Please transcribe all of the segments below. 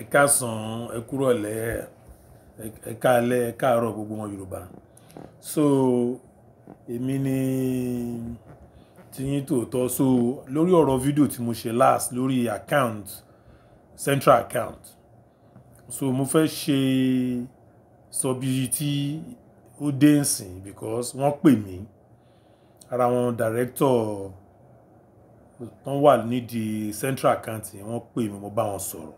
ẹ káàsán ẹ kúrọ̀lẹ́ ẹ káalẹ́ ẹ káàárọ̀ gbogbo ọmọ Yorùbá so èmi ni tiyín tòótọ́ so lórí ọ̀rọ̀ fídíò tí mo ṣe last lórí account central account so mo fẹ́ ṣe sọ bí tí ó dé nsìn because wọ́n pè mí ara wọn director wọ́n wà nídìí central account yẹn wọ́n pè mí mo bá wọn sọ̀rọ̀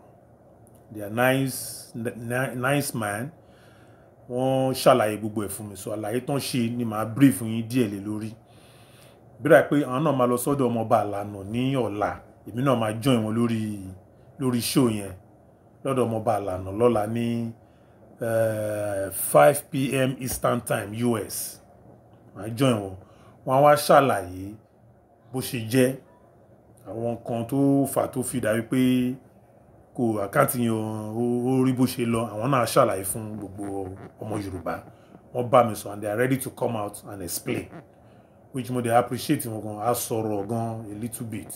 they are nice nice man wọ́n ṣàlàyé gbogbo ẹ̀ fún mi so àlàyé tán ṣe ni màá brief yín díẹ̀ lé lórí bíra pé àwọn náà máa lọ sọ́dọ̀ ọmọọba àlànà ní ọ̀la èmi náà máa join wọn lórí lórí show yẹn lọ́dọ̀ ọmọọba àlànà lọ́la ní eh, five pm eastern time us máa join wọn wọn wá ṣàlàyé bó ṣe jẹ́ àwọn kan tó fà tó fi dà wípé kò àkáǹtì yẹn ó rí bó ṣe lọ àwọn náà ṣàlàyé fún gbogbo ọmọ Yorùbá wọ́n bá mi sọ and they are ready to come out and explain which mo dey appreciate wọn gan a sọ̀rọ̀ gan a little bit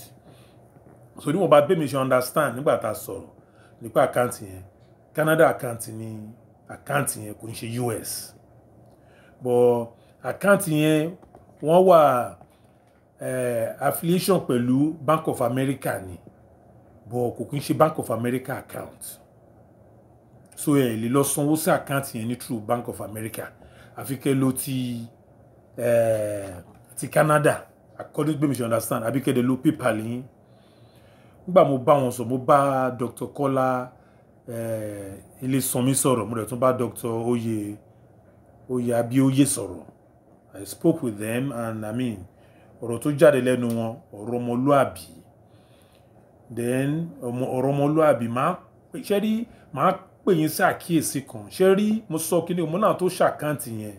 so ní wọn bá bẹ́ẹ̀ mi ṣe understand nígbà tá a sọ̀rọ̀ nípa àkáǹtì yẹn Canada àkáǹtì ni àkáǹtì yẹn kò ń ṣe US but àkáǹtì yẹn wọ́n wà eh, affiliation pẹ̀lú Bank of America ni but kò kí n ṣe Bank of America account so ẹ lè lọ sanwó sí account yẹn ní through Bank of America àfi kẹ́ ló ti eh, ti Canada according to me you understand àbí kẹ́ ẹ lo PayPal yín nígbà mo bá wọn sọ mo bá Dr. Kọ́lá eh, Ilésanmí sọ̀rọ̀ mo rẹ̀ tún bá Dr. Oyè Oyè Abíóyè sọ̀rọ̀ I spoke with them and I mean ọ̀rọ̀ tó jáde lẹ́nu wọn ọ̀rọ̀ ọmọlúàbí then ọmọ ọ̀rọ̀ ọmọlúàbí máa ṣe rí máa pè yín sí àkíyèsí kan ṣe rí mo sọ kíni ọmọ náà tó ṣàkáǹtì yẹn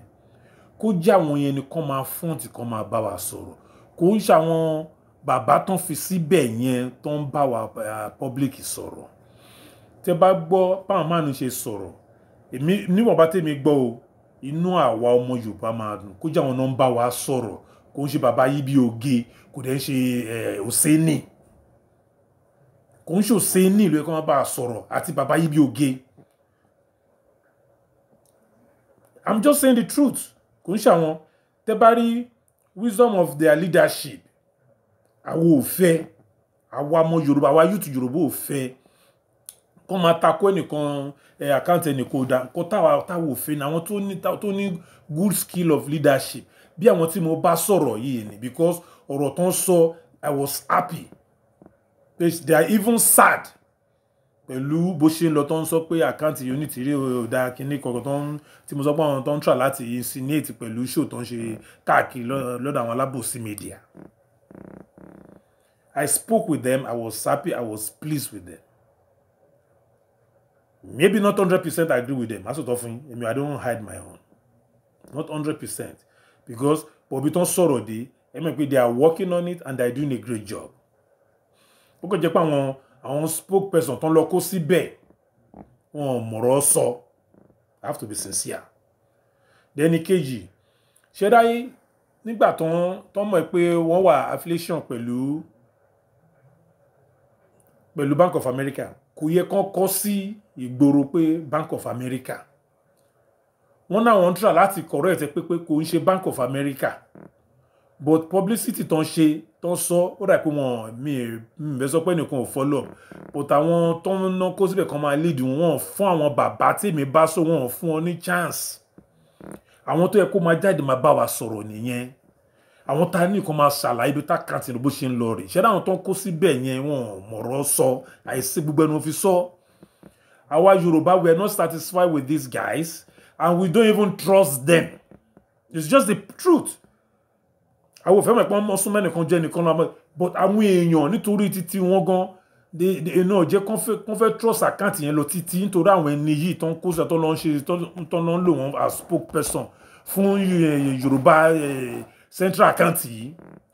kó jẹ́ àwọn yẹn ni kán máa fọ́ǹtì kán máa bá wa sọ̀rọ̀ kò ń ṣàwọn bàbá tán fi síbẹ̀ yẹn tó ń bá wa public sọ̀rọ̀ tẹ bá gbọ́ báwọn máa ń ṣe sọ̀rọ̀ èmi níwọ̀n bá tèmi gbọ́ o inú àwa ọmọ Yorùbá máa dùn kó jẹ́ àwọn náà ń bá wa sọ̀rọ̀ kò ń ṣe bàbá yìí bí oge kò dẹ̀ ń ṣe Hùsénì. Eh, kò ń ṣòṣe ní ìlú ẹ̀kọ́ máa bá a sọ̀rọ̀ àti bàbá yìí bí oge i'm just saying the truth kò ń ṣàwọn tẹ́ bá rí wisdom of their leadership àwa ò fẹ́ àwa ọmọ yorùbá àwa youth yorùbá ò fẹ́ kó máa takò ẹnìkan ẹ àkáǹtì ẹnìkan ò dá kó táwa táwa àwọn tó ní good skill of leadership bí àwọn tí mo bá sọ̀rọ̀ yìí ni because ọ̀rọ̀ tó sọ i was happy they are even sad pẹ̀lú bó ṣe ń lọ tó ń sọ pé àkáǹtì yóò ní tìrí ọ̀dà kínní kọ̀ọ̀kan tó ń tí mo sọ pé àwọn tó ń try láti insinuate pẹ̀lú show tó ń ṣe káàkiri lọ́dọ̀ àwọn alábòsí media. I spoke with them I was happy I was pleased with them. Maybe not hundred percent I agree with them asòtọ́ fún èmi I don't hide my own not hundred percent because bọ̀bí tán sọ̀rọ̀ dé ẹ mọ̀ pé they are working on it and they are doing a great job ó kàn jẹ́ pé àwọn àwọn spokesperson tán lọ kó síbẹ̀ wọn ò mọ̀rọ̀ sọ I have to be sincere. dẹ́ni kejì ṣẹ́dáyé nígbà tán tán mọ̀ pé wọ́n wà affiliation pẹ̀lú pẹ̀lú Bank of America kò yẹ kán kọ́ sí ìgboro pé Bank of America wọ́n náà wọ́n ń try láti correct pé pé kò ń ṣe Bank of America. Mm but publicity tó ń ṣe tó ń sọ ó dà pé wọn mi ì fẹ́ sọ pé nìkan ò follow but àwọn tó ń ná kó síbẹ̀ kan máa lead wọn fún àwọn bàbá tí mi bá sọ wọn fún ọ ní chance àwọn tó yẹ kó máa jáde máa bá wa sọ̀rọ̀ nìyẹn àwọn tá a ní nǹkan máa ṣàlàyé ibi tá a kàn tìǹbù ṣe ń lọ rè ṣẹ́dá àwọn tó ń kó síbẹ̀ yẹn wọn mọ̀rọ̀ sọ àìsí gbogbo ẹnu fi sọ àwa Yorùbá we are not satisfied with these guys and we don't even trust them it's just the truth àwọn òfẹ́ mọ̀ pé wọ́n sún mẹ́nìkan jẹ́ nìkan lọ́mọ but àwọn èèyàn nítorí títí wọn gan iná jẹ́ kán fẹ́ trust account yẹn lọ títí nítorí àwọn ẹni yìí tó ń kó sọ tó lọ ń ṣe tó lọ ń lò wọn as person. fún eh, Yorùbá eh, central account yìí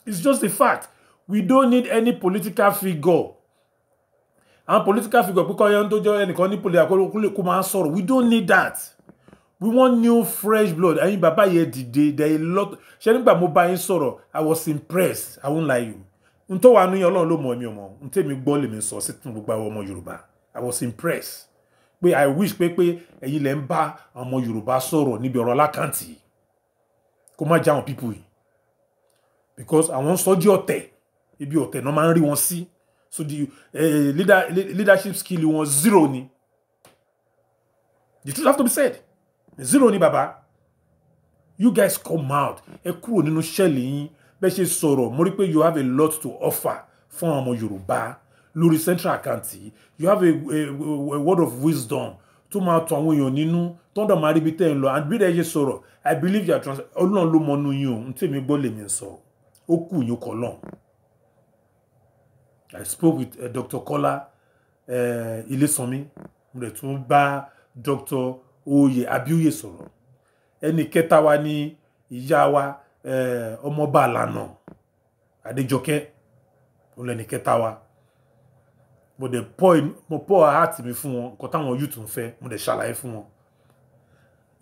it's just a fact we don't need any political figure àwọn political figure pé kọ́ yẹn tó jẹ́ ẹnìkan ní àkọ́kọ́ kó máa sọ̀rọ̀ we don't need that we want new fresh blood ẹyin bàbá yẹn dìde there a lot ṣe nígbà mo bá yín sọ̀rọ̀ i was impressed i won't lie you n tó wà ní ọlọ́run ló mọ̀ ẹ̀mí ọmọ n tẹ́mi gbọ́ lèmi sọ sí tún gbogbo àwọn ọmọ yorùbá i was impressed pé i wish pé pé ẹ̀yin lẹ́ ń bá ọmọ yorùbá sọ̀rọ̀ níbi ọ̀rọ̀ alákàntì kó má já àwọn pípù yìí because àwọn sọ́jí ọ̀tẹ̀ ibi ọ̀tẹ̀ náà máa ń rí wọn sí so the uh, leader, leadership skill wọn zero ni the truth have to be said zero ni bàbá you guys come out ẹ kúrò nínú ṣẹ́ẹ̀lì yín bẹ́ẹ̀ ṣe sọ̀rọ̀ mo rí pé you have a lot to offer fún àwọn yorùbá lórí central account yìí you have a, a, a word of wisdom tó máa tọ àwọn èèyàn nínú tọ́ndọ̀ máa rí ibi tẹ́ ń lọ and bí ẹ ṣe sọ̀rọ̀ i believe you are trans ọlọ́run ló mọnú yín o n tèmi gbọ́ lèmi sọ ó kù yín kọ́ lọ́n i spoke with uh, eh, dr kola uh, ilesanmi mo dẹ̀ tún bá dr oyè abíòye sọ̀rọ̀ ẹnì kẹta wa ni ìyá wa eh, ọmọọba àlànà adéjọkẹ́ òun lẹnì kẹta wa mo dẹ̀ pọ́ mo pọ́ àhátì mi fún wọn nǹkan táwọn youth ń fẹ́ mo dẹ̀ ṣàlàyé fún wọn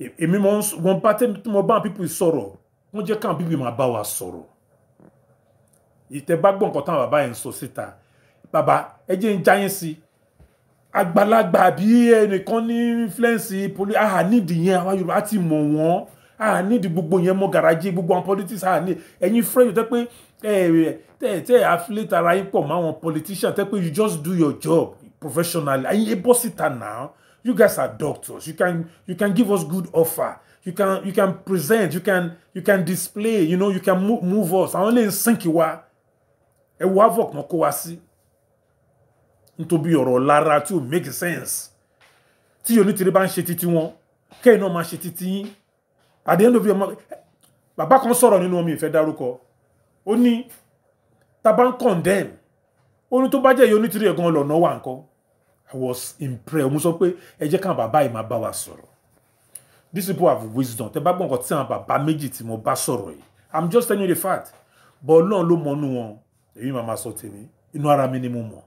e-, èmi mọ wọn bá tẹ́ mo bá pípù sọ̀rọ̀ wọ́n jẹ́ káwọn bíbí máa bá wa sọ̀rọ̀ ìtẹ́ bá gbọ́ nǹkan táwọn bàbá yẹn ń sọ síta bàbá ẹ jẹ́ ń jáyé sí i àgbàlagbà àbí ẹnìkan ní influence poli àhà nídìí yẹn àwa Yorùbá ti mọ̀ wọ́n àhà nídìí gbogbo yẹn mọ́ garaje gbogbo àwọn politics àhà need ẹ̀yin friend tẹ́ pé tẹ́ tẹ́ affiliate ara yín pọ̀ mọ́ àwọn politician tẹ́ pé you just do your job professionally ẹ̀yin ẹ bọ́ now you guys are doctors you can you can give us good offer you can you can present you can you can display you know you can move, move us àwọn lè ń sìnkì wa ẹ wo havoc náà kó wa sí nítorí ọ̀rọ̀ lára tí ò make sense tí onítìrí bá ń ṣe títí wọn kẹ́yìn náà máa ṣe títí yín at the end of the ọmọ bàbá kan sọ̀rọ̀ nínú ọmọ ìfẹ́ dárúkọ ó ní ta bá ń condemn ó ní tó bá jẹ́ ìyá onítìrí ẹ̀gan ọlọ́nà wà nǹkan i was impressed mo sọ pé ẹ jẹ́ káwọn bàbá yìí máa bá wa sọ̀rọ̀ these people have wisdom tẹ bá gbọ́ nǹkan tí àwọn bàbá méjì tí mo bá sọ̀rọ̀ yìí i'm just telling you the fact but ọlọ́run ló mọ inú wọn èyí màá máa sọ tèmi inú ara mi ni mo mọ̀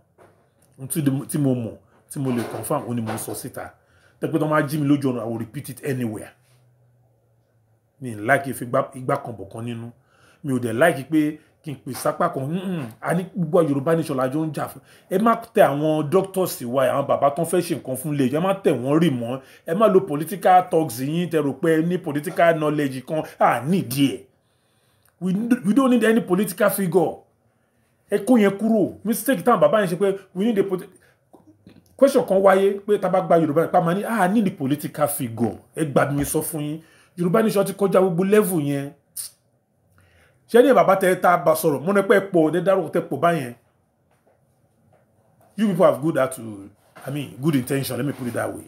tí mo mọ̀ tí mo lè confam òun ni mo sọ síta tẹ́pẹ́ tó máa jí mi lójú ọ̀nà I will repeat it anywhere mi n like fi igbá kan bọ̀ kan nínú mi ò dẹ̀ like pé kí n pè sápá kan a ní gbogbo Yorùbá nation la jọ ń jà fún ẹ má tẹ àwọn doctors wa àwọn bàbá tó ń fẹ́ ṣe nǹkan fún lẹ́yìn ẹ má tẹ wọ́n rì mọ́ ẹ má lo political talks yín tẹ rò pé ẹ ní political knowledge kan à nídìí ẹ̀ we don't need any political figure ẹ kó yẹn kúrò mistake táwọn bàbá yẹn ṣe pé we need a political question kan wáyé pé tá gba yorùbá nípa máa ah need a political figure ẹ gbà mí sọ fún yín yorùbá nation ti kọjá gbogbo level yẹn ṣé ní bàbá tẹ tá a bá sọ̀rọ̀ mọ́nà pẹ́ pọ̀ ọ̀dẹ́ dárò tẹ pọ̀ báyẹn you people have good attitude i mean good intention let me put it that way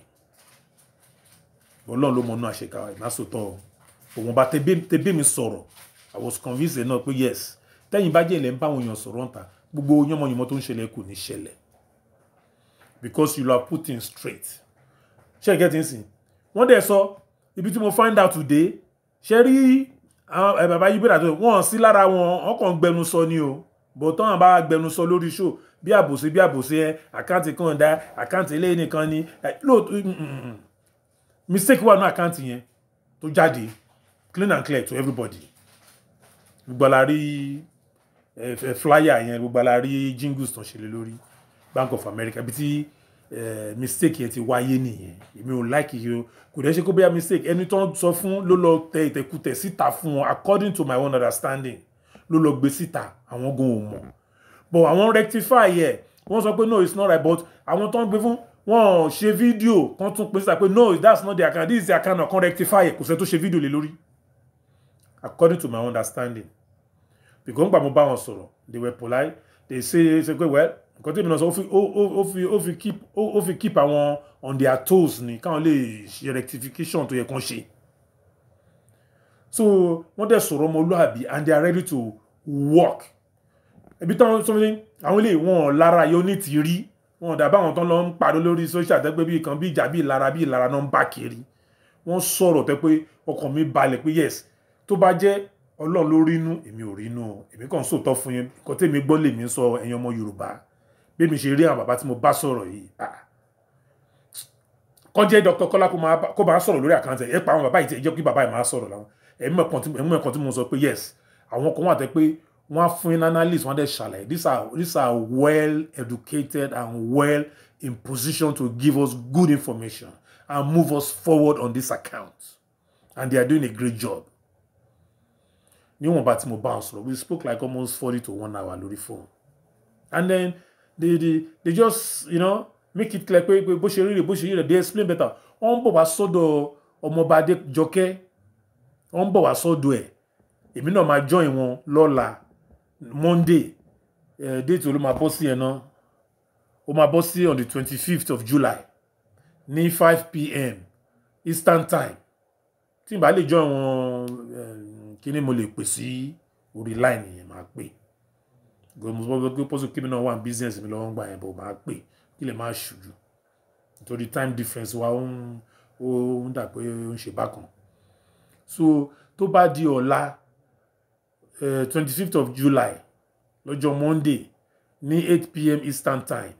ọlọ́run ló mọ inú àṣekà ìmásòtọ́ òun bá tẹ bí mi sọ̀rọ̀ i was convinced enough pé yes tẹ́yìn bá jẹ́lẹ̀ ń bá àwọn èèyàn sọ̀rọ̀ ńta gbogbo yánmọ̀yánmọ́ tó ń ṣẹlẹ̀ kò ní ṣẹlẹ̀ because you are putting in straight ṣé get in sin wọ́n dẹ̀ sọ ibi tí mo find out today ṣe rí eh, bàbá yìí bẹ̀rẹ̀ àti wọ́n sí lára wọn ọkàn gbẹnu sọ ni o bó tán bá gbẹnu sọ lórí ṣó bí àbòsí bí àbòsí ẹ eh, àkáǹtì kan dá àkáǹtì ilé nìkan ni eh, lóòótọ́ mm, mm, mm, mistake wà ní àkáǹtì yẹn tó jáde clean and clear to everybody gbọ́dọ̀ rí flyer yẹn gbogbo ala rí jingles tó ń lórí Bank of America bí tí mistake yẹn ti wáyé nìyẹn èmi ò like yìí o kò dẹ́ ṣe kó bẹ́ẹ̀ mistake ẹni tó ń sọ fún ló lọ tẹ ìtẹ̀kùtẹ̀ síta fún wọn according to my own understanding ló lọ gbé síta àwọn gan ò mọ̀ but àwọn rectify yẹ wọ́n sọ pé no it's not right but àwọn tó ń gbé fún wọn ṣe fídíò kan tún pè síta pé no that's not the account this is their account kan rectify yẹ kò sẹ́ tó ṣe fídíò lé lórí according to my understanding because nígbà bá wọn sọ̀rọ̀ they were polite they say say pé well nǹkan tí èmi náà sọ ó fi ó fi keep ó fi keep àwọn on their toes ni káwọn lè ṣe rectification tó yẹ kán ṣe so wọ́n dẹ̀ sọ̀rọ̀ ọmọlúàbí and they are ready to work ẹbí tán sọmọdé àwọn ilé wọn lára yóò ní ti rí wọn dàbá àwọn tán lọ ń pariwo lórí social tẹ́gbẹ́ bíi kan bíi ìjà bíi ìlara bíi ìlara náà ń bá kiri wọ́n sọ̀rọ̀ tẹ́ pé ọkàn mi balẹ̀ pé yes tó bá jẹ́ ọlọ́run ló rínú èmi ò rínú èmi kàn ń sòótọ́ fún yín nǹkan tèmi gbọ́ lèmi ń sọ ẹ̀yin ọmọ yorùbá bí mi ṣe rí àwọn bàbá tí mo bá sọ̀rọ̀ yìí kọjẹ́ dr kọ́lá kó máa sọ̀rọ̀ lórí àkáǹtì ẹ̀ pa àwọn bàbá yìí tí ẹ jẹ́ kí bàbá yìí máa sọ̀rọ̀ làwọn ẹ̀mí ẹ̀kan tí mo sọ pé yes àwọn kan wà tẹ́ pé wọ́n á fún yín analyst wọ́n á dẹ̀ ṣàlàyé these are these are well educated and well in position to give us good information and move us forward on this account and they are doing a great job níwọ̀nba tí mo bá wọn sọ̀rọ̀ we spoke like almost forty to one hour lórí phone and then they they they just you know make it clear pé pé bó ṣe rí rè bó ṣe rí rè they explain better wọ́n bọ̀ wá sọ́dọ̀ ọmọọba adéjọkẹ́ wọ́n bọ̀ wá sọ́dọ̀ ẹ̀ èmi náà máa join wọn lọ́la monday ẹ̀ eh, déètì ló máa bọ́ sí ẹ̀ náà ó máa bọ́ sí on the twenty fifth of july ní five pm eastern time tí n bá lè join wọn. Um, kí ni mo lè pè sí orí line yẹn máa pè mo sọ pé pọ́sù kí mi náà wà ní business mi lọ́wọ́ ń gbà yẹn bò máa pè kí lè máa ṣùjú nítorí time difference wa ó ń dà pé ó ń ṣe bákan so tó bá di ọ̀la eh, twenty fifth of July lọ́jọ́ Monday ní eight pm Eastern time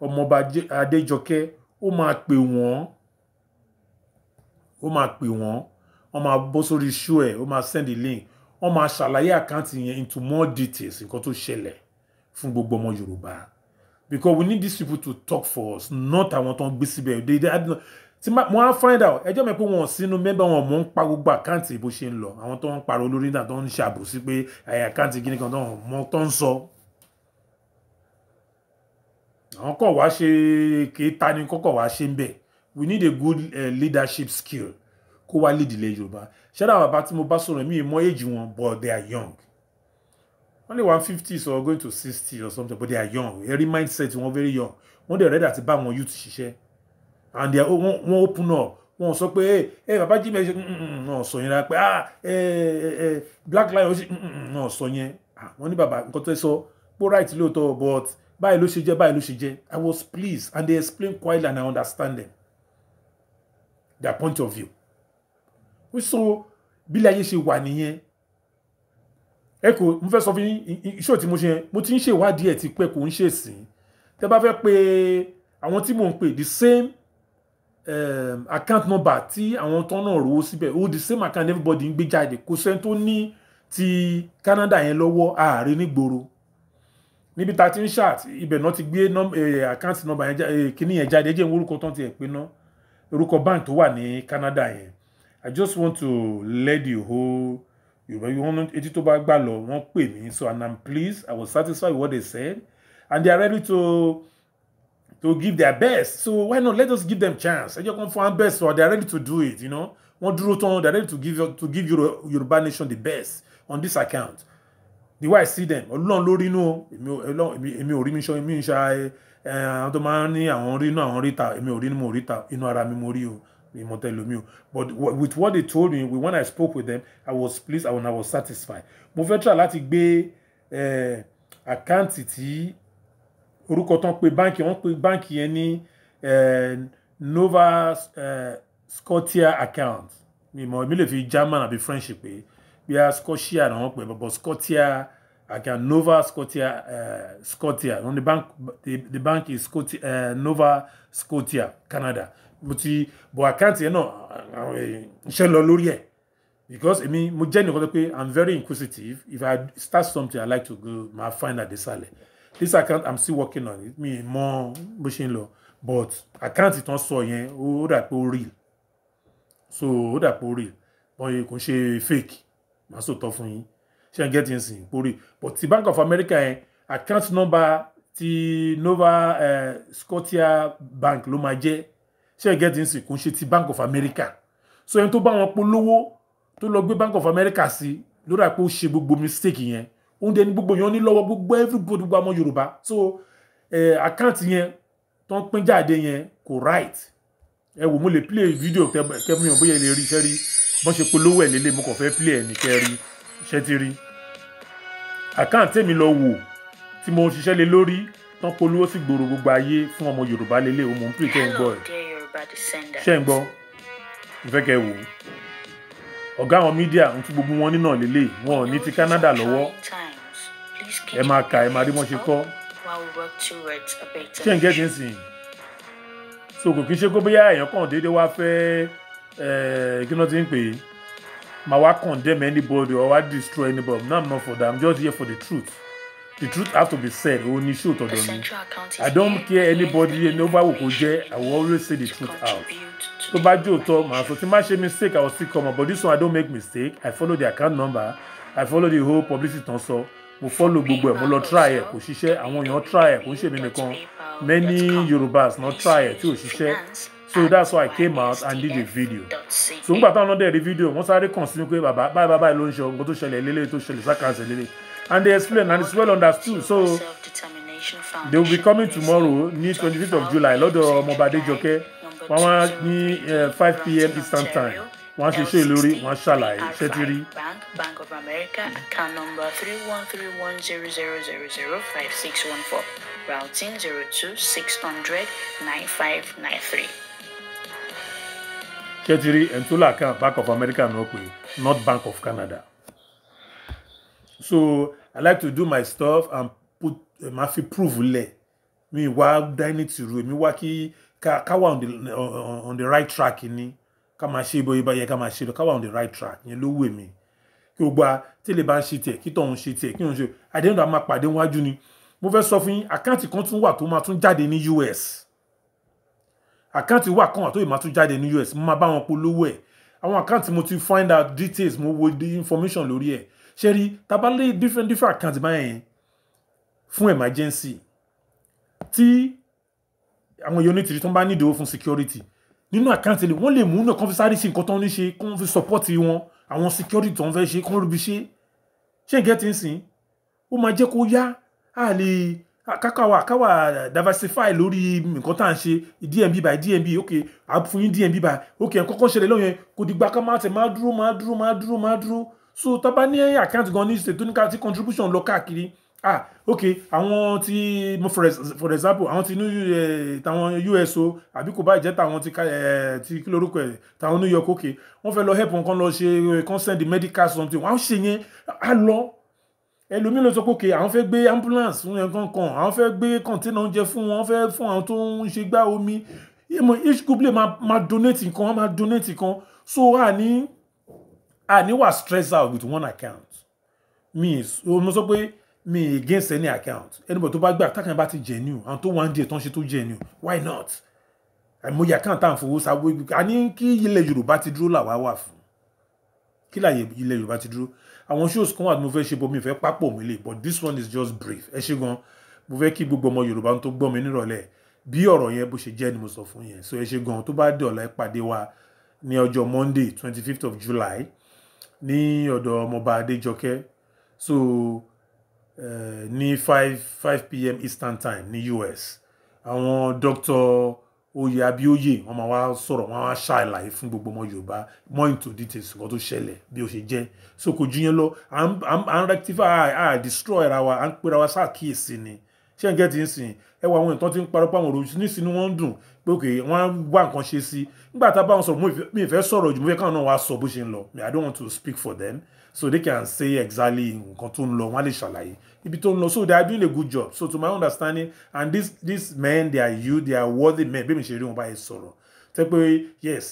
ọmọọba Adéjọkẹ́ ó máa pè wọ́n ó máa pè wọ́n wọ́n máa bó sórí ṣú ẹ̀ ó máa send the link wọ́n máa ṣàlàyé àkáǹtì yẹn into more details nǹkan tó ṣẹlẹ̀ fún gbogbo ọmọ Yorùbá because we need these people to talk for us not àwọn tó ń gbé síbẹ̀ they they had no tí mo á find out ẹjọ́ mi pé wọn sínú mẹ́bà wọn mọ̀ ń pa gbogbo àkáǹtì bó ṣe ń lọ àwọn tó ń parọ́ olórí náà tó ń ṣàbòsí pé àyà àkáǹtì gíní kan tó ń mọ tó ń sọ. àwọn kọ̀ wá ṣe kì í ta ni wá ṣe ń bẹ̀ we need a good uh, leadership skill kó wá lead ilẹ̀ yorùbá ṣẹ́dá àwọn bàbá tí mo bá sọ̀rọ̀ mí mọ́ èjì wọn but they are young only one fifty or going to sixty or something but they are young every mindset wọn very young wọ́n dẹ̀ ready àti bá wọn youth ṣiṣẹ́ and they are wọ́n open up wọ́n sọ pé ẹ ẹ bàbá jimmy ṣe mm, mm, mm, náà sọ yẹn rà pé ah ẹ eh, ẹ eh, eh, black lion ṣe náà sọ yẹn wọ́n ní bàbá nǹkan tó sọ pé right lóòótọ́ but báyìí ló ṣe jẹ́ báyìí ló ṣe jẹ́ i was pleased and they explain quietly and i understand them their point of view so bí ilé ayé ṣe wà nìyẹn ẹ kò mo fẹ́ sọ fún yín iṣẹ́ tí mo ṣe yẹn mo ti ń ṣèwádìí ẹ̀ ti pẹ́ kò ń ṣèsìn tẹ́ bá fẹ́ pé àwọn tí mò ń pè the same um, account number tí àwọn tó náà rówó síbẹ̀ ó oh, the same account everybody ń gbé jáde kò sẹ́ni tó ní ti Canada yẹn lọ́wọ́ ààrẹ nígboro níbi tá a ti ń ṣáàt ibẹ̀ náà ti gbé eh, account number yẹn eh, kíní yẹn jáde ẹ jẹ́ ìwé orúkọ tán ti ẹ̀ pé ná orúkọ bank tó wà ní Canada yẹn I just want to let the whole Yorùbá you want etí tó bá gbà lọ wọ́n me, so and I'm pleased I was satisfied with what they said and they are ready to to give their best so why not let us give them chance ẹ jẹ́ kó fún am best so they are ready to do it you know wọ́n dúró tán they are ready to give to give Yorùbá nation the best on this account the way I see them Ọlọ́run ló rínú o èmi ò rí mi ṣan èmi ń ṣa eh, àwọn tó máa ń ní àwọn rínú àwọn ríta èmi ò rí ni mo ríta inú ara mi mo rí o ìmọ̀tẹ́lómi o but with what they told me when I spoke with them I was pleased and I was satisfied mo fẹ́ try láti gbé àkáǹtì eh, tí orúkọ tán pé báǹkì wọ́n pè báǹkì yẹn ní eh, Nova eh, Scotia account mi mọ̀ èmi lè fi German àbí French pé bí a Scotia ni wọ́n pè but Scotia account Nova Scotia Scotia wọ́n the bank the, bank is Scotia, Nova Scotia Canada mo ti bọ̀ àkáǹtì yẹn náà eh, iṣẹ́ lọ lórí ẹ̀ because èmi mo jẹ́ nìkan tó pé i'm very inquisitive if i start something i like to go ma find out desale this account i'm still working on it mi mọ bó ṣe ń lọ but àkáǹtì tán sọ yẹn ó dà pé ó real so ó dà pé ó real wọn kò ṣe fake màá sọ tọ́ fún yín ṣé n get in sin pórí but ti Bank of America yẹn account number ti Nova uh, Scotia Bank ló máa jẹ́ ṣe get nsìn kò ń ṣe ti Bank of America so ẹni tó bá wọn polówó tó lọ gbé Bank of America sí lórí àpò ṣe gbogbo mistake yẹn oúnjẹ ní gbogbo yẹn ní lọ́wọ́ gbogbo everybody gbogbo ọmọ Yorùbá so àkáǹtì yẹn tó ń pín jáde yẹn kò right ẹ wò mo lè play video kẹfún yàn bóyá lè rí iṣẹ́ rí bọ́n ṣe polówó ẹ̀ lélẹ̀ mo kàn fẹ́ play ẹ̀ ní kẹ́ rí iṣẹ́ ti rí àkáǹtì mi lọ wò tí mo ń ṣiṣẹ́ lé lórí tán polówó sí gbòòrò gbogbo ayé fún ọmọ Yorùbá lélẹ̀ o mo ń pè kẹ́ ń gbọ́ ẹ̀. Yorùbá the sender. ṣé ń gbọ́ mo fẹ́ kẹ́ wò ó ọ̀gá àwọn mídíà ń fún gbogbo wọn nínà lélẹ̀ wọn ò ní ti Canada lọ́wọ́ ẹ máa kà ẹ máa rí wọn ṣe kọ́ ṣé ń gẹ́tì ń so kò kí n ṣe kó bóyá èèyàn kàn déédéé wá fẹ́ eh, kí ló ti ń pè é màá wá condemn anybody or wá destroy anybody no I'm not for that I'm just here for the truth the truth has to be said òun ni ṣó tọ̀dọ̀ mi i don't care anybody ẹni ó bá wò kó jẹ́ i will always say the truth out tó bá jó tọ́ màá sọ tí má ṣe mistake i will still come up but this one i don't make mistake i follow the account number i follow the whole publicity tán sọ mo follow gbogbo ẹ̀ mo lọ try ẹ̀ kò ṣiṣẹ́ àwọn èèyàn try ẹ̀ kò ń ṣèmi nìkan many yorubas náà try ẹ̀ tí ò ṣiṣẹ́ so that's why i came out and did a video so nígbà táwọn náà dẹ̀ rí video wọ́n sáré kàn sí mi pé bàbá báyìí báyìí ló ń ṣe nǹkan tó ṣẹlẹ̀ lélẹ́yìí tó ṣẹlẹ̀ sákàǹsẹ̀ lélẹ́yìí and they explained and it's well understood so they will be coming tomorrow ní twenty fifth of july lọ́dọ̀ ọmọọba adéjọkẹ́ wọ́n wá ní eh, five pm eastern time wọ́n á ṣe ṣe lórí wọ́n á ṣàlàyé ṣé ti rí. bank of america account number three one three one zero zero zero zero five six one four routing zero two six hundred nine five nine three ṣé ti rí kan bank of america náà pé north bank of canada so i like to do my stuff and put uh, eh, ma fi prove lẹ mi wá dání tìrú mi wá kí ká wà on the on, the right track ni ká máa ṣe bóyá yẹ ká máa ṣe lọ ká wà on the right track yẹn ló wè mí kí o gba tẹ́lẹ̀ bá ń ṣe tiẹ̀ kí tọ̀hún ṣe tiẹ̀ kí òun ṣe àdéhùn tó a máa pàdé wájú ni mo fẹ́ sọ fún yín àkáǹtì kan tún wà tó máa tún jáde ní US àkáǹtì wà kan wà tó yìí máa tún jáde ní US mo máa bá wọn polówó ẹ̀ àwọn àkáǹtì mo ti find out details mo wo the information lórí ẹ̀ ṣe rí taba lé different different account báyẹn fún emergency tí àwọn unit tó ń bá nídìí owó fún security nínú àkáǹtì lè wọ́n lè mú náà kán fi sáré sí nǹkan tó ń ní ṣe kán fi support wọn àwọn security tó ń fẹ́ ṣe kán ríbi ṣe ṣé nǹkan ti ń sìn ó máa jẹ́ kó yá a lè kákàwá káwá diversify lórí nǹkan tá à ń ṣe dmb by dmb ok àfún dmb by ok nǹkan kan ṣẹlẹ̀ lọ́yẹn kò dìgbà ká máa tẹ̀ máa dúró máa dúró máa dúró máa dúró so tó bá ní àkáǹtì gan ní ṣe tó ní ká tí contribution lọ káàkiri ah ok àwọn tí mo for, for example àwọn tí inú eh, tàwọn USO àbí kò bá jẹ́ tàwọn ti eh, ti kí lorúkọ ẹ̀ tàwọn New York ok wọ́n fẹ́ lọ help wọn kan lọ ṣe consent eh, medical something wọ́n á ṣe yẹn á lọ ẹlòmíì ló sọ pé ok àwọn fẹ́ gbé ambulance fún yẹn kankan àwọn fẹ́ gbé container oúnjẹ fún wọn fẹ́ fún àwọn tó ń ṣe gbá omi ìmọ̀ each group lè máa donate nǹkan máa donate nǹkan so wà ní. Ah, àní wà stress out with one account mi mo sọ pé mi against any account anybody tó bá gbà tákàn bá ti genuine àwọn tó one day tó ń ṣe genuine why not àìmọye account tá à ń fowó sáwó àní kí ilẹ̀ Yorùbá ti dúró làwa wà fún kí láàyè ilẹ̀ Yorùbá ti dúró àwọn shows kan wà tí mo fẹ́ ṣe bọ́ mi fẹ́ pápọ̀ mi lè but this one is just brief ẹ ṣe gan mo fẹ́ kí gbogbo ọmọ Yorùbá to gbọ́ mi role. Bi ọ̀rọ̀ yẹn bó ṣe jẹ́ ni mo sọ fún yẹn so ẹ ṣe gan tó bá dé ọ̀la ẹ pàdé wa ní ọjọ́ Monday twenty fifth of July ní ọ̀dọ̀ ọmọọba Adéjọkẹ́ so uh, ní five five pm Eastern Time ní US àwọn Dr. oyè Abíóyè wọ́n máa wá sọ̀rọ̀ wọ́n máa ṣàlàyé fún gbogbo ọmọ Yorùbá more into details nǹkan tó ṣẹlẹ̀ bí ó ṣe jẹ́ so kò ju yẹn lọ à ń rectify à destroy ara wa à ń pera wa sáà ni ṣé ẹ̀ ń gẹ́tì ń sìn ẹ wọ àwọn ìtàn ń parọ́ pàwọn òròjú nísìnyí wọ́n ń dùn pé òkè wọ́n á wá nǹkan ṣe sí nígbà tá a bá wọn sọ̀rọ̀ mi ìfẹ́ sọ̀rọ̀ jù mo fẹ́ káwọn náà wá sọ bó ṣe ń lọ I don't want to speak for them so they can say exactly nǹkan tó ń lọ wọ́n á lè ṣàlàyé ibi tó ń lọ so they are doing a good job so to my understanding and this this men they are you they are worthy men bí mi ṣe rí wọn báyìí sọ̀rọ̀ tẹ́ pé yes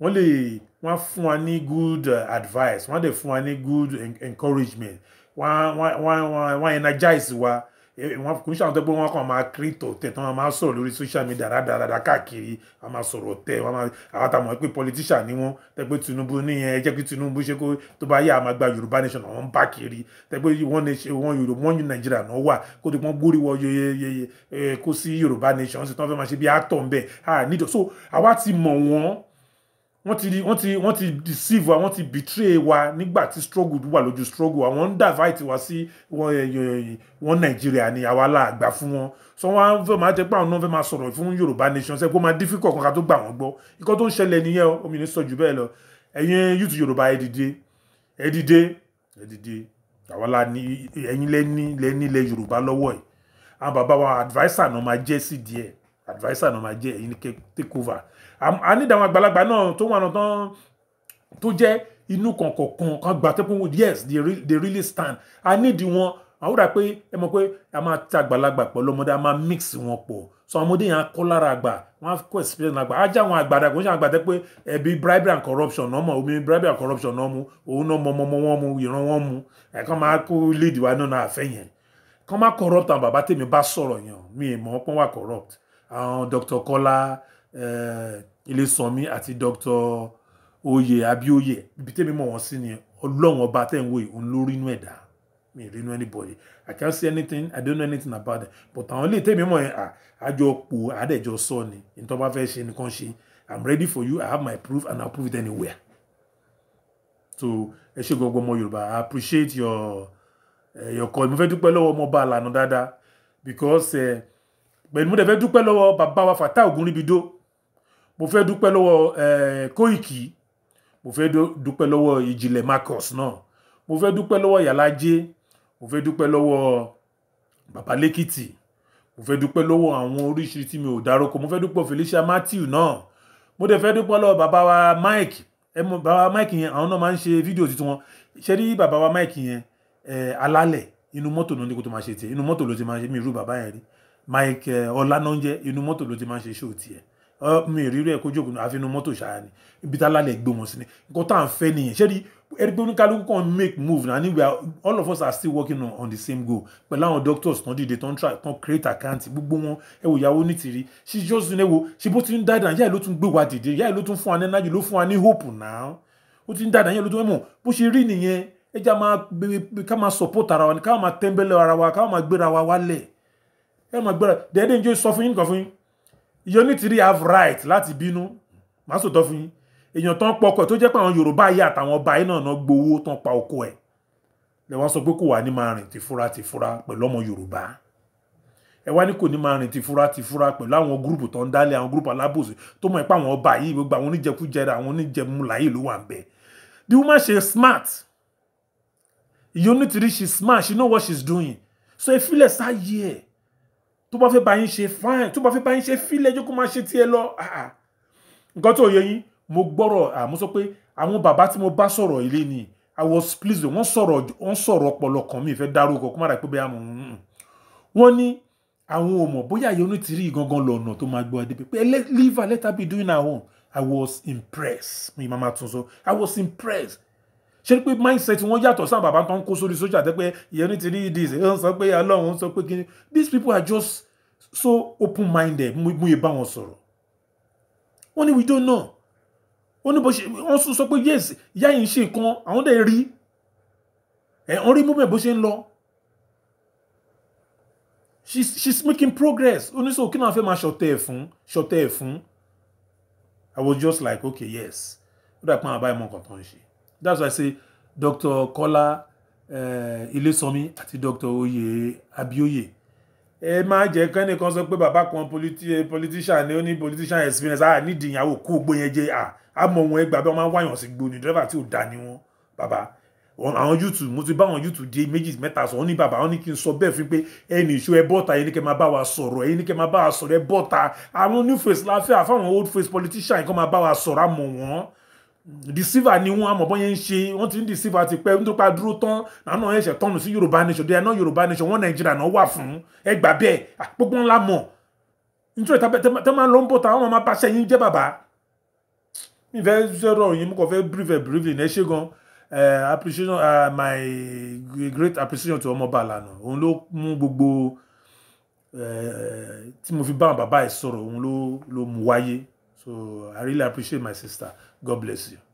wọ́n lè wọ́n fún wa ní good uh, advice wọ́n á dẹ̀ fún wa ní good encouragement wọ́n wọ́n wọ́n energize wa wọn kò ń ṣàwọn tó pé wọn kàn máa kírìtò tẹ tí wọn máa sọ̀rọ̀ lórí social media dáradára káàkiri wọn máa sọ̀rọ̀ tẹ wọn máa àwọn àtàwọn pé politician ni wọn tẹ pé Tinubu níyẹn jẹ́ pé Tinubu ṣe kó tó bá yà á máa gba Yorùbá nation àwọn ń bá kiri tẹ pé wọn lè ṣe wọn Yorùbá wọn Nàìjíríà náà wà kó tó wọn gbórí wọ yeye kó sí Yorùbá nation sì tán fẹ́ máa ṣe bí àtọ̀ ń bẹ̀ ah nídò so àwa ti mọ̀ wọ́n wọ́n ti wọ́n ti wọ́n ti deceive wa wọ́n ti betray wa nígbà tí struggle wà lójú struggle àwọn ń divide wa sí wọn eh, eh, eh, nàìjíríà ni àwa la àgbà fún wọn so wọn fẹ́ máa jẹ́ pé àwọn náà fẹ́ máa sọ̀rọ̀ fún yorùbá nation ṣe kó máa difficult kankan tó gbà wọ́n gbọ́ ikọ́ tó ń ṣẹlẹ̀ nìyẹn o omi ní sọ jù bẹ́ẹ̀ lọ ẹ̀yin youth yorùbá ẹ dìde ẹ dìde ẹ dìde àwa la ní ẹ̀yin lẹ́ni lẹ́ni lẹ́ yorùbá lọ́wọ́ ẹ̀ àwọn bàbá wa adviser náà máa jẹ́ sídìí ẹ̀ adviser náà máa jẹ èyí ní take over a ní ìdáwọn àgbàlagbà náà tó wà náà tán tó jẹ́ inú kọ̀ọ̀kan kan gbà tó pé wọn yes they really, they really stand a nídìí wọn àwọn dà pé ẹ mọ̀ pé a máa ta àgbàlagbà pẹ̀lú ọmọdé a máa mix wọn pọ̀ so ọmọdé yẹn á kọ́ lára àgbà wọn á kọ́ experience àgbà á já àwọn àgbàdà kò ń ṣe àgbàdà pé ẹbí bribery and corruption náà mọ̀ omi bribery and corruption náà mu òun náà mọmọmọ wọn mu ìran wọn mu ẹ̀kan máa kó lead wa náà náà àfẹ́ yẹn kàn má corrupt àwọn bàbá tèmi bá sọ̀rọ̀ yẹn mi ì mọ̀ pọ́n wà corrupt àwọn dr kọ́lá eh, ilésànmí àti dr oyè abíoyè ibi tẹ́mi mọ̀ wọ́n sí ni ọlọ́run ọba tẹ̀ ń wòye òun ló rí inú ẹ̀dá mi rí inú anybody i can't see anything i don't know anything about it. but àwọn ilé tẹ́mi mọ̀ yẹn àjọ pò àdẹ̀jọ sọ ni nítorí bá fẹ́ ṣe nìkan ṣe i'm ready for you i have my proof and i'll prove it anywhere so ẹ ṣe gbogbo ọmọ yorùbá i appreciate your eh, your ẹ̀yọ̀kọ́ mo fẹ́ dúpẹ́ lọ́wọ́ ọmọ ọba àlànà dáadáa because. Uh, pẹ̀lú mo dẹ̀ dúpẹ́ lọ́wọ́ bàbá wa Fatai Ogunribido mo fẹ́ dúpẹ́ lọ́wọ́ eh, Koiki mo fẹ́ dúpẹ́ lọ́wọ́ ìjìnlẹ̀ Marcus náà mo fẹ́ dúpẹ́ lọ́wọ́ Yàlájé mo fẹ́ dúpẹ́ lọ́wọ́ bàbá Lẹ́kìtì mo fẹ́ dúpẹ́ lọ́wọ́ àwọn oríṣiríṣi tí mi ò dárúkọ mo fẹ́ dúpẹ́ Felicia Matthew náà mo dẹ̀ fẹ́ dúpẹ́ lọ́wọ́ bàbá wa Mike ẹ mọ bàbá wa Mike yẹn àwọn náà máa ń ṣe fídíò tuntun wọn ṣe rí bàbá wa Mike yẹn eh, alálẹ̀ inú mọ́tò ló ní kó tó máa ṣe tiẹ̀ inú mọ́tò ló ti máa ṣe mí irú bàbá yẹn rí Mike eh, ọlánàjẹ inú mọ́tò ló ti máa ń ṣe ṣóò tiẹ̀ mi ìrírí ẹ̀ kójú òkùnà àfi inú mọ́tò ṣáà ni ibi tá lálẹ́ gbé wọn sí ni nǹkan tá à ń fẹ́ nìyẹn ṣé ẹni pé oníkálukú kan make move na anywhere all of us are still working on, on the same goal pẹ̀lú àwọn doctors tán dìde tán try tán create account gbogbo wọn ẹ wò ìyàwó nítìrí she just ní ẹ wò ṣe bó ti ń dáadáa yáà ló tún gbé wa dìde yáà ló tún fún wa ní energy ló fún wa ní hope now ó ti ń dáadáa yáà ló tún mọ̀ bó ṣe rí nìyẹn ẹ já máa ká máa support ara wa ká máa tẹ́ńbẹ́lẹ́ ara wa ká máa gbéra wa wálẹ̀ ẹ mọ̀ gbọ́dọ̀ dẹ́ẹ́dẹ́ njó sọ fún yín nǹkan fún yín you need to have right láti bínú màá sòtọ́ fún yín èèyàn tán pọkọ ẹ̀ tó jẹ́ pé àwọn Yorùbá yìí àtàwọn ọba yìí náà gbowó tán pa oko ẹ̀ lẹ wá sọ pé kò wá ní máa rìn tìfura tìfura pẹ̀lú ọmọ Yorùbá ẹ wá ní kò ní máa rìn tìfura tìfura pẹ̀lú àwọn gúrùpù tó ń dálé àwọn gúrùpù alábòsí tó mọ̀ pé àwọn ọba yìí gbogbo àwọn oníjẹkújẹra àwọn oníjẹmúlà yìí ló wà ń bẹ the woman she smart you need to reach she smart she know what she's doing so efilẹ̀ sáyé ẹ̀ tó bá fẹ́ bá yín ṣe fine tó bá fẹ́ bá yín ṣe fílẹ̀ jẹ́ kó máa ṣe tiẹ̀ lọ ah, ah. nǹkan tó yẹ yín mo gbọ́rọ̀ àmọ́ sọ pé àwọn bàbá tí mo bá sọ̀rọ̀ ilé ni i was pleased wọ́n sọ̀rọ̀ wọ́n sọ̀rọ̀ ọpọlọ kan mi ìfẹ́ dárúkọ kó má dà pé bẹ́ẹ̀ àmọ́ wọ́n ní àwọn ò mọ̀ bóyá ayé onítìrí gangan lọ́nà tó máa gbọ́ adébẹ̀ pé leave her let doing her own i was impressed mi máa tún sọ i was impressed ṣé pé mindset wọn yàtọ̀ sáà bàbá tó ń kó sórí social tẹ́ pé ti rí dis ń sọ pé ọlọ́run sọ pé kíni these people are just so open minded mú yẹ bá wọn sọ̀rọ̀ wọ́n ní we don't know wọ́n ní bó ṣe wọ́n sún sọ pé yes ìyá yìí ń ṣe nǹkan àwọn dẹ̀ rí ẹ̀ ń rí movement bó ṣe ń lọ she's she's making progress oníṣòwò kí náà fẹ́ máa ṣọ̀tẹ̀ ẹ̀ fún ṣọ̀tẹ̀ ẹ̀ fún I was just like okay yes ó dà pé àwọn abáyé mọ̀ nǹkan tó ń ṣe that's why I say Dr. Kola uh, Ilesanmi àti Dr. Oye Abioye ẹ máa jẹ kẹ́nìkan sọ pé bàbá kan eh, politician ni ó ní politician experience ah nídìí ìyàwó kó gbó yẹn jẹ ah àmọ́ wọn ẹgbàá bí wọ́n máa ń wáyàn sí gbóni dírẹ́fà tí ò dá ni wọn bàbá àwọn YouTube mo ti bá àwọn YouTube dé méjì mẹ́ta sọ wọ́n ní bàbá wọ́n ní kí n sọ bẹ́ẹ̀ fi pé ẹnì ìṣó ẹ bọ́ta ẹni kẹ́ máa bá wa sọ̀rọ̀ ẹni kẹ́ máa bá wa sọ̀rọ̀ ẹ bọ́ta àwọn new face láfẹ́ àfáwọn old face politician kọ́ máa bá wa sọ̀rọ̀ àmọ́ wọn deceiver ni wọn àmọ́ bọ́yẹn ń ṣe wọ́n ti ń deceiver ti pẹ́ nítorí pa dúró tán nàánú ẹ̀ṣẹ̀ tọ́nu sí yorùbá nation they are not yorùbá nation wọ́n nàìjíríà náà wà fún ẹ gbà bẹ́ẹ̀ àpòpọ̀ ńlá mọ̀ nítorí tẹ́ máa lọ ń bọ̀ tà wọ́n máa bá ṣe yín jẹ́ bàbá mi fẹ́ zero. yín mo kàn fẹ́ brief ẹ̀ brief ẹ̀ ṣe gan appreciation my great appreciation to ọmọọba àlànà òun ló mú gbogbo tí mo fi bá àwọn bàbá ẹ̀ sọ̀rọ̀ òun ló mú wáyé so I really appreciate my sister God bless you.